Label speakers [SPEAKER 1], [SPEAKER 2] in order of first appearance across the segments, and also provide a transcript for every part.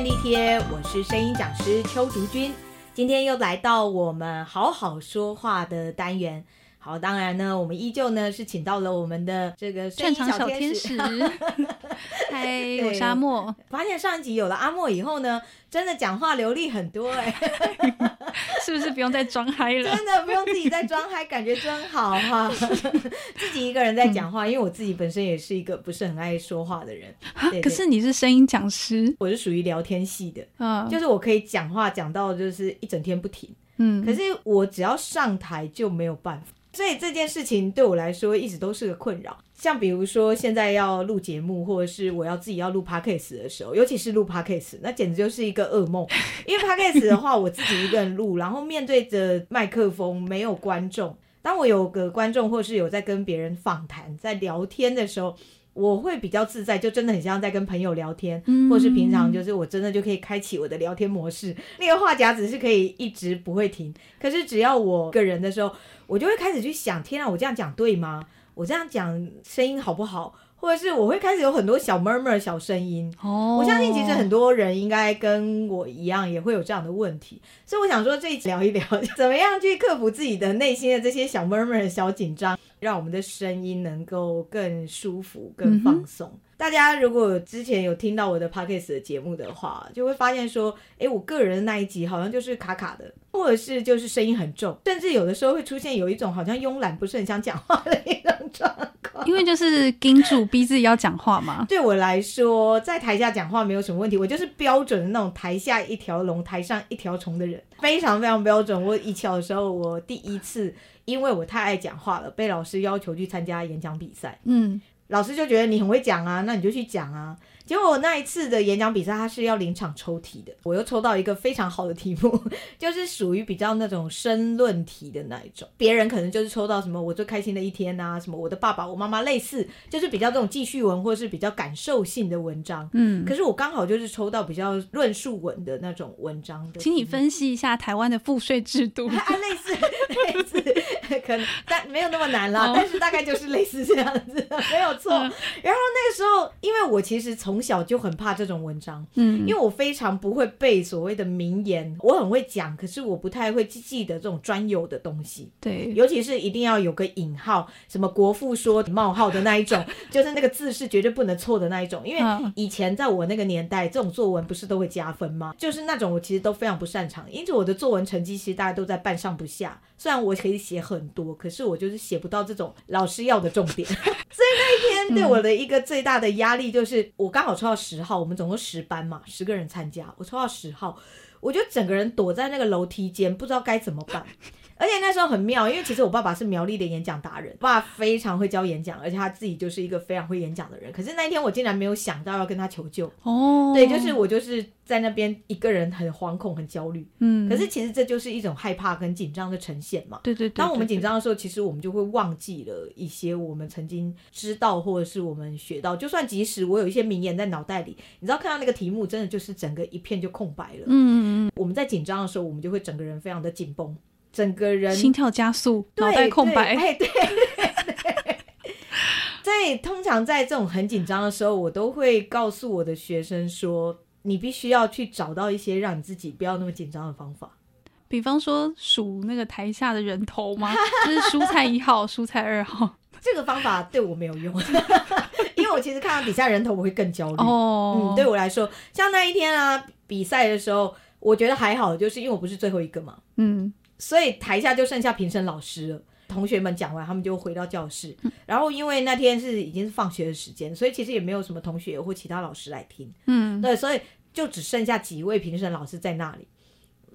[SPEAKER 1] 便利貼，我是聲音講師邱竹君，今天又來到我們好好說話的單元。好，當然呢，我們依舊呢是請到了我們的這個聲音小天使。 嗨，我是阿默。發現上一集有了阿默以後呢，真的講話流利很多哎，欸， 是不是不用再裝嗨了？真的不用自己再裝嗨， 感覺真好哈，啊。 自己一個人在講話，嗯，因為我自己本身也是一個不是很愛說話的人。對對對，可是你是聲音講師，我是屬於聊天系的，嗯，就是我可以講話講到就是一整天不停，嗯。可是我只要上台就沒有辦法，所以這件事情對我來說一直都是個困擾。像比如說，現在要錄節目，或者是我要自己要錄 p o d c a s 的時候，尤其是錄 p o d c a s 那簡直就是一個噩夢。因為 p o d c a s 的話，我自己一個人錄， 然後面對着麥克風，沒有觀眾。當我有個觀眾，或是有在跟別人訪談、在聊天的時候，我會比較自在，就真的很像在跟朋友聊天，或是平常就是我真的就可以開啟我的聊天模式。那個話夾子是可以一直不會停，可是只要我個人的時候，我就會開始去想：天啊，我這樣講對嗎？我這樣講聲音好不好？或者是我會開始有很多小 murmur 小聲音。哦、oh.，我相信其實很多人應該跟我一樣，也會有這樣的問題。所以我想說，這一集聊一聊一下，怎麼樣去克服自己的內心的這些小 murmur 小緊張。讓我們的聲音能夠更舒服、更放鬆。嗯、大家如果之前有聽到我的 podcast 的節目的話，就會發現說，哎，我個人的那一集好像就是卡卡的，或者是就是聲音很重，甚至有的時候會出現有一種好像慵懶、不是很想講話的一種狀況。因為就是盯住逼自己要講話嘛。 對我來說，在台下講話沒有什麼問題，我就是標準的那種台下一條龍、台上一條蟲的人，非常非常標準。我以前的時候，我第一次。因為我太愛講話了，被老師要求去參加演講比賽。嗯，老師就覺得你很會講啊，那你就去講啊。結果我那一次的演講比賽，它是要臨場抽題的。我又抽到一個非常好的題目，就是屬於比較那種申論題的那一種。別人可能就是抽到什麼我最開心的一天啊，什麼我的爸爸、我媽媽，類似就是比較這種記敘文或是比較感受性的文章。嗯，可是我剛好就是抽到比較論述文的那種文章的。請你分析一下台灣的賦稅制度，啊，啊。類似，類似，類似可但沒有那麼難啦，oh. 但是大概就是類似這樣子，沒有錯、 嗯。然後那個時候，因為我其實從小就很怕這種文章，嗯，因為我非常不會背所謂的名言，我很會講，可是我不太會記得這種專有的東西，對，尤其是一定要有個引號，什麼國父說冒號的那一種，就是那個字是絕對不能錯的那一種，因為以前在我那個年代，這種作文不是都會加分嗎？就是那種我其實都非常不擅長，因此我的作文成績其實大概都在半上不下。雖然我可以寫很多，可是我就是寫不到這種老師要的重點。 所以那一天對我的一個最大的壓力就是，我剛好抽到十號，我們總共十班嘛，十個人參加，我抽到十號，我就整個人躲在那個樓梯間，不知道該怎麼辦。而且那時候很妙，因為其實我爸爸是苗栗的演講達人，我爸非常會教演講，而且他自己就是一個非常會演講的人。可是那一天我竟然沒有想到要跟他求救哦，對，就是我就是在那邊一個人很惶恐、很焦慮，嗯。可是其實這就是一種害怕跟緊張的呈現嘛。對對對，對,對。當我們緊張的時候，其實我們就會忘記了一些我們曾經知道或者是我們學到，就算即使我有一些名言在腦袋裡，你知道看到那個題目，真的就是整個一片就空白了。嗯。我們在緊張的時候，我們就會整個人非常的緊繃。整個人心跳加速，腦袋空白。哎，對，在通常在這種很緊張的時候，我都會告訴我的學生說：“你必須要去找到一些讓你自己不要那麼緊張的方法。”比方說數那個台下的人頭嗎？ 這是蔬菜一號，蔬菜二號。這個方法對我沒有用， 因為我其實看到底下人頭我會更焦慮。哦，oh，嗯，對我來說，像那一天啊比賽的時候，我覺得還好，就是因為我不是最後一個嘛。嗯。所以台下就剩下評審老師了。同學們講完，他們就回到教室。然後因為那天是已經是放學的時間，所以其實也沒有什麼同學或其他老師來聽。嗯，對，所以就只剩下幾位評審老師在那裡。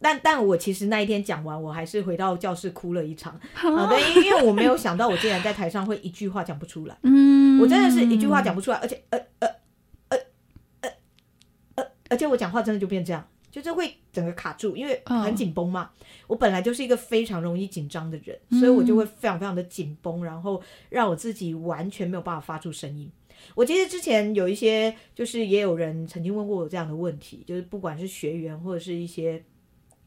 [SPEAKER 1] 但但我其實那一天講完，我還是回到教室哭了一場。好、哦、啊、對，因為我沒有想到我竟然在台上會一句話講不出來。嗯，我真的是一句話講不出來，而且呃呃呃呃呃，而且我講話真的就變這樣。就是會整個卡住，因為很緊繃嘛。Oh. 我本來就是一個非常容易緊張的人。嗯，所以我就會非常非常的緊繃，然後讓我自己完全沒有辦法發出聲音。我記得之前有一些，就是也有人曾經問過我這樣的問題，就是不管是學員或者是一些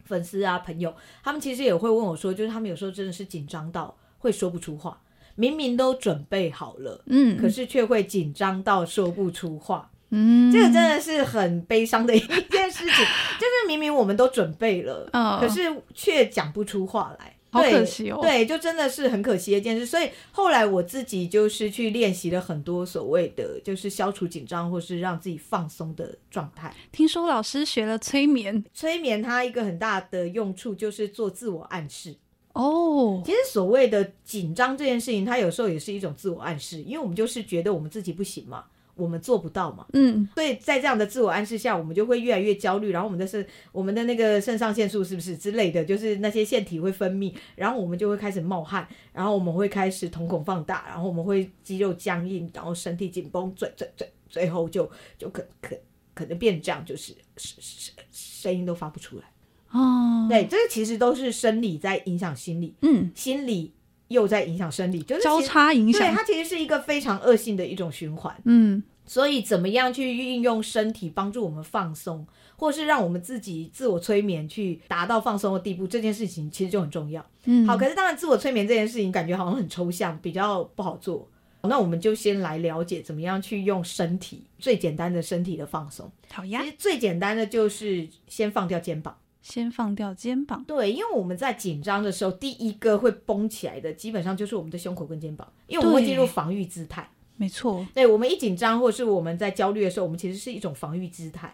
[SPEAKER 1] 粉絲啊朋友，他們其實也會問我說，就是他們有時候真的是緊張到會說不出話，明明都準備好了，嗯，可是卻會緊張到說不出話。嗯，這個真的是很悲傷的一件事情，就是明明我們都準備了，哦，可是卻講不出話來，對，好可惜哦。對，就真的是很可惜的一件事。所以後來我自己就是去練習了很多所謂的，就是消除緊張或是讓自己放鬆的狀態。聽說老師學了催眠，催眠它一個很大的用處就是做自我暗示哦。其實所謂的緊張這件事情，它有時候也是一種自我暗示，因為我們就是覺得我們自己不行嘛。我們做不到嘛，嗯，所以在這樣的自我暗示下，我們就會越來越焦慮，然後我們的腎，我們的那個腎上腺素是不是之類的，就是那些腺體會分泌，然後我們就會開始冒汗，然後我們會開始瞳孔放大，然後我們會肌肉僵硬，然後身體緊繃，最最最最後就就可可可能變這樣，就是聲聲音都發不出來哦，對，這個其實都是生理在影響心理，嗯，心理。又在影響生理，就是交叉影響。對，它其實是一個非常惡性的一種循環。嗯，所以怎麼樣去運用身體幫助我們放鬆，或是讓我們自己自我催眠去達到放鬆的地步，這件事情其實就很重要。嗯，好，可是當然，自我催眠這件事情感覺好像很抽象，比較不好做。好，那我們就先來了解怎麼樣去用身體最簡單的身體的放鬆。好呀，其實最簡單的就是先放掉肩膀。先放掉肩膀，對，因為我們在緊張的時候，第一個會繃起來的，基本上就是我們的胸口跟肩膀，因為我們會進入防御姿態。沒錯，對，我們一緊張，或者是我們在焦慮的時候，我們其實是一種防御姿態，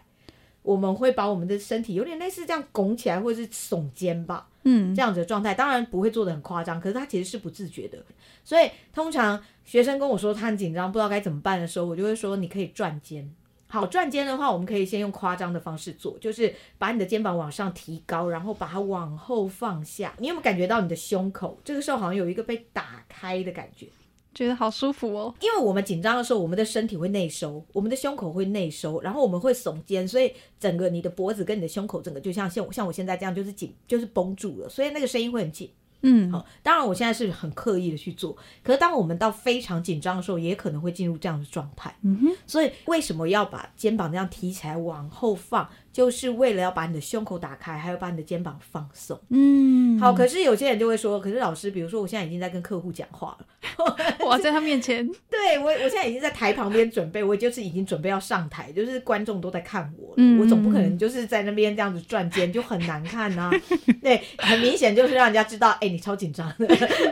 [SPEAKER 1] 我們會把我們的身體有點類似這樣拱起來，或是聳肩膀，嗯，這樣子的狀態，當然不會做得很誇張，可是它其實是不自覺的。所以通常學生跟我說他很緊張，不知道該怎麼辦的時候，我就會說，你可以轉肩。好，轉肩的話，我們可以先用誇張的方式做，就是把你的肩膀往上提高，然後把它往後放下。你有沒有感覺到你的胸口這個時候好像有一個被打開的感覺？覺得好舒服哦。因為我們緊張的時候，我們的身體會內收，我們的胸口會內收，然後我們會聳肩，所以整個你的脖子跟你的胸口整個就像像像我現在這樣，就是緊，就是繃住了，所以那個聲音會很緊。嗯，好。哦，當然我現在是很刻意的去做，可是當我們到非常緊張的時候，也可能會進入這樣的狀態。嗯哼，所以為什麼要把肩膀這樣提起來往後放？就是為了要把你的胸口打開，還有把你的肩膀放鬆。嗯，好。可是有些人就會說，可是老師，比如說我現在已經在跟客戶講話了，我在他面前。 對，我，我現在已經在台旁邊準備，我就是已經準備要上台，就是觀眾都在看我。嗯，我總不可能就是在那邊這樣子轉肩，就很難看啊。 對，很明顯就是讓人家知道，欸，你超緊張的，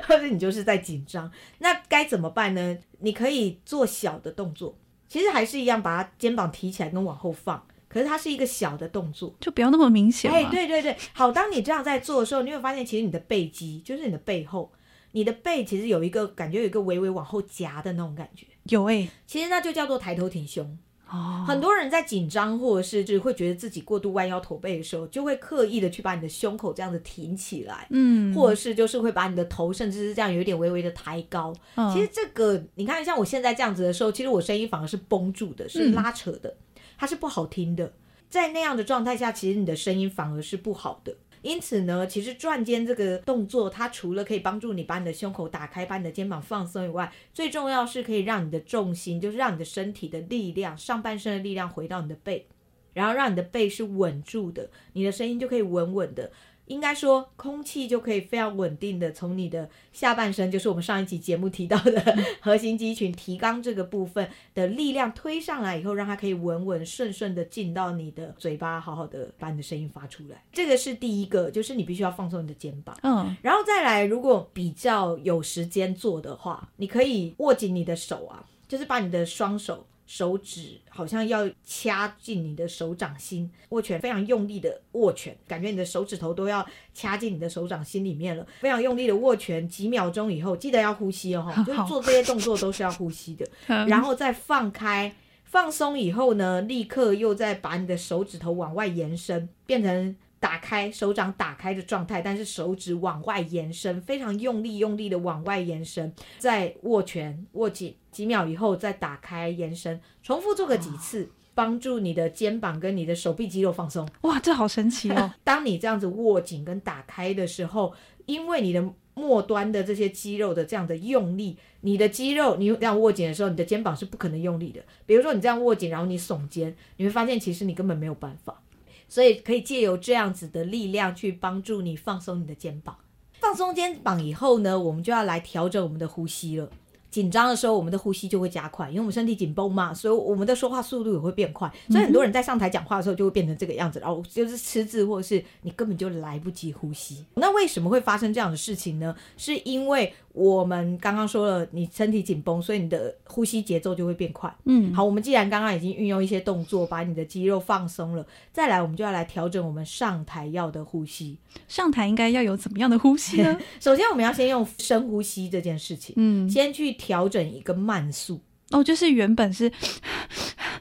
[SPEAKER 1] 或者你就是在緊張。那該怎麼辦呢？你可以做小的動作，其實還是一樣，把肩膀提起來跟往後放。可是它是一個小的動作，就不要那麼明顯、啊。哎、hey，對對對，好。當你這樣在做的時候，你會發現其實你的背肌，就是你的背後，你的背其實有一個感覺，有一個微微往後夾的那種感覺。有誒、欸，其實那就叫做抬頭挺胸。哦，很多人在緊張或者是就是會覺得自己過度彎腰駝背的時候，就會刻意的去把你的胸口這樣子挺起來。嗯，或者是就是會把你的頭甚至是這樣有一點微微的抬高。哦、其實這個你看，像我現在這樣子的時候，其實我聲音反而是繃住的，是拉扯的。嗯它是不好聽的，在那樣的狀態下，其實你的聲音反而是不好的。因此呢，其實轉肩這個動作，它除了可以幫助你把你的胸口打開，把你的肩膀放鬆以外，最重要是可以讓你的重心，就是讓你的身體的力量、上半身的力量回到你的背，然後讓你的背是穩住的，你的聲音就可以穩穩的。應該說，空氣就可以非常穩定的從你的下半身，就是我們上一集節目提到的核心肌群提肛這個部分的力量推上來以後，讓它可以穩穩順順的進到你的嘴巴，好好的把你的聲音發出來。這個是第一個，就是你必須要放鬆你的肩膀，嗯、oh.，然後再來，如果比較有時間做的話，你可以握緊你的手啊，就是把你的雙手。手指好像要掐進你的手掌心，握拳非常用力的握拳，感覺你的手指頭都要掐進你的手掌心裡面了，非常用力的握拳，幾秒鐘以後記得要呼吸哦，就是、做這些動作都是要呼吸的，好好，然後再放開放鬆以後呢，立刻又再把你的手指頭往外延伸，變成。打開手掌打開的狀態，但是手指往外延伸，非常用力用力的往外延伸，再握拳握緊幾秒以後再打開延伸，重複做個幾次，幫助你的肩膀跟你的手臂肌肉放鬆。哇，這好神奇哦！ 當你這樣子握緊跟打開的時候，因為你的末端的這些肌肉的這樣的用力，你的肌肉你這樣握緊的時候，你的肩膀是不可能用力的。比如說你這樣握緊，然後你聳肩，你會發現其實你根本沒有辦法。所以可以借由這樣子的力量去幫助你放鬆你的肩膀。放鬆肩膀以後呢，我們就要來調整我們的呼吸了。緊張的時候，我們的呼吸就會加快，因為我們身體緊繃嘛，所以我們的說話速度也會變快。所以很多人在上台講話的時候就會變成這個樣子，然後就是吃字，或者是你根本就來不及呼吸。那為什麼會發生這樣的事情呢？是因為。我們剛剛說了，你身體緊繃，所以你的呼吸節奏就會變快。嗯，好，我們既然剛剛已經運用一些動作把你的肌肉放鬆了，再來我們就要來調整我們上台要的呼吸。上台應該要有怎麼樣的呼吸呢？ 首先，我們要先用深呼吸這件事情，嗯，先去調整一個慢速。哦，就是原本是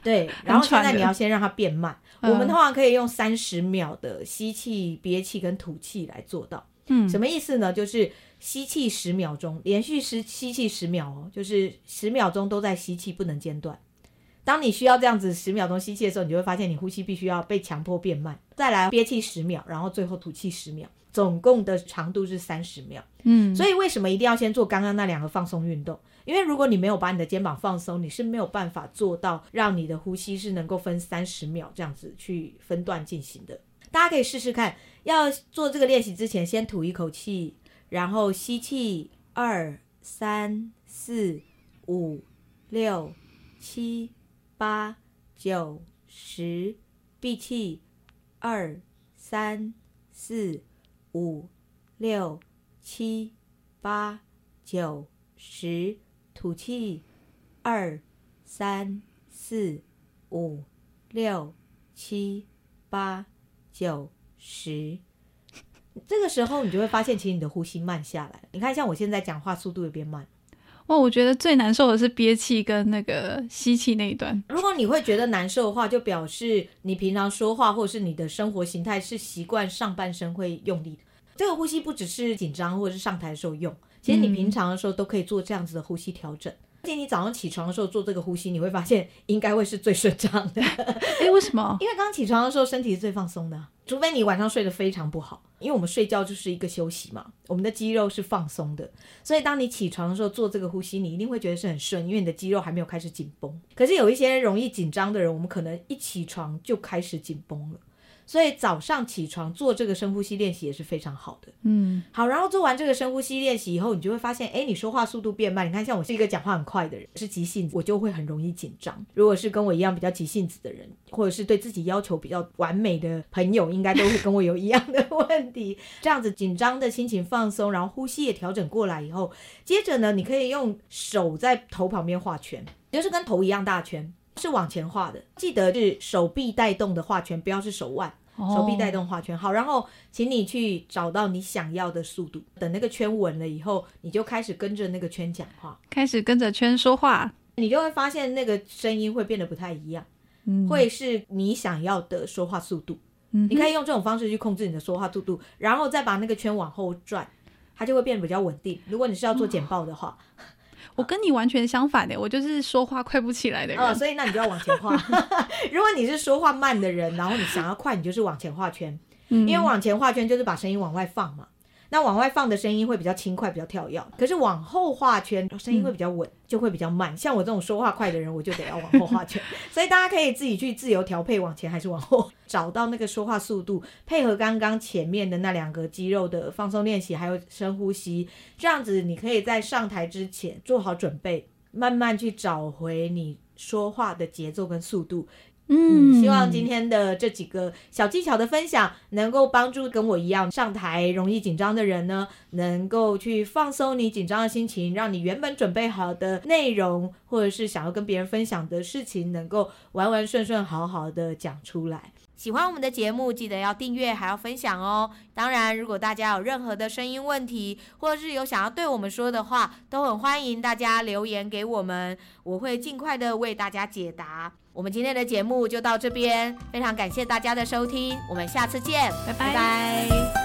[SPEAKER 1] 對，對，然後現在你要先讓它變慢。我們通常可以用三十秒的吸氣、憋氣跟吐氣來做到。嗯，什麼意思呢？就是。吸氣十秒鐘，連續是吸氣十秒哦，就是十秒鐘都在吸氣，不能間斷。當你需要這樣子十秒鐘吸氣的時候，你就會發現你呼吸必須要被強迫變慢。再來憋氣十秒，然後最後吐氣十秒，總共的長度是三十秒。嗯，所以為什麼一定要先做剛剛那兩個放鬆運動？因為如果你沒有把你的肩膀放鬆，你是沒有辦法做到讓你的呼吸是能夠分三十秒這樣子去分段進行的。大家可以試試看，要做這個練習之前，先吐一口氣。然後吸氣，二三四五六七八九十，閉氣，二三四五六七八九十，吐氣，二三四五六七八九十。這個時候你就會發現，其實你的呼吸慢下來。你看，像我現在講話速度有變慢。哦，我覺得最難受的是憋氣跟那個吸氣那一段。如果你會覺得難受的話，就表示你平常說話或是你的生活形態是習慣上半身會用力的。這個呼吸不只是緊張或者是上台的時候用，其實你平常的時候都可以做這樣子的呼吸調整。嗯而且你早上起床的時候做這個呼吸，你會發現應該會是最順暢的。哎、 欸，為什麼？因為剛起床的時候身體是最放鬆的，除非你晚上睡得非常不好。因為我們睡覺就是一個休息嘛，我們的肌肉是放鬆的，所以當你起床的時候做這個呼吸，你一定會覺得是很順，因為你的肌肉還沒有開始緊繃。可是有一些容易緊張的人，我們可能一起床就開始緊繃了。所以早上起床做這個深呼吸練習也是非常好的。嗯，好，然後做完這個深呼吸練習以後，你就會發現，哎、欸，你說話速度變慢。你看，像我是一個講話很快的人，是急性子，我就會很容易緊張。如果是跟我一樣比較急性子的人，或者是對自己要求比較完美的朋友，應該都會跟我有一樣的問題。 這樣子緊張的心情放鬆，然後呼吸也調整過來以後，接着呢，你可以用手在頭旁邊畫圈，就是跟頭一樣大圈，是往前畫的。記得是手臂帶動的畫圈，不要是手腕。手臂帶動畫圈，好，然後請你去找到你想要的速度。等那個圈穩了以後，你就開始跟着那個圈講話，開始跟着圈說話，你就會發現那個聲音會變得不太一樣，嗯，會是你想要的說話速度。嗯。你可以用這種方式去控制你的說話速度，然後再把那個圈往後轉，它就會變得比較穩定。如果你是要做簡報的話。哦。我跟你完全相反的，欸，我就是說話快不起來的人，哦，所以那你就要往前畫。 如果你是說話慢的人，然後你想要快，你就是往前畫圈，嗯，因為往前畫圈就是把聲音往外放嘛。那往外放的聲音會比較輕快，比較跳躍；可是往後畫圈，聲音會比較穩、嗯，就會比較慢。像我這種說話快的人，我就得要往後畫圈。 所以大家可以自己去自由調配往前還是往後，找到那個說話速度，配合剛剛前面的那兩個肌肉的放鬆練習，還有深呼吸，這樣子你可以在上台之前做好準備，慢慢去找回你說話的節奏跟速度。
[SPEAKER 2] 嗯，希望今天
[SPEAKER 1] 的這幾個小技巧的分享，能夠幫助跟我一樣上台容易緊張的人呢，能夠去放鬆你緊張的心情，讓你原本準備好的內容，或者是想要跟別人分享的事情，能夠完完順順好好的講出來。喜歡我們的節目，記得要訂閱，還要分享哦。當然，如果大家有任何的聲音問題，或者是有想要對我們說的話，都很歡迎大家留言給我們，我會盡快的為大家解答。我們今天的節目就到這邊，非常感謝大家的收聽，我們下次見，拜拜。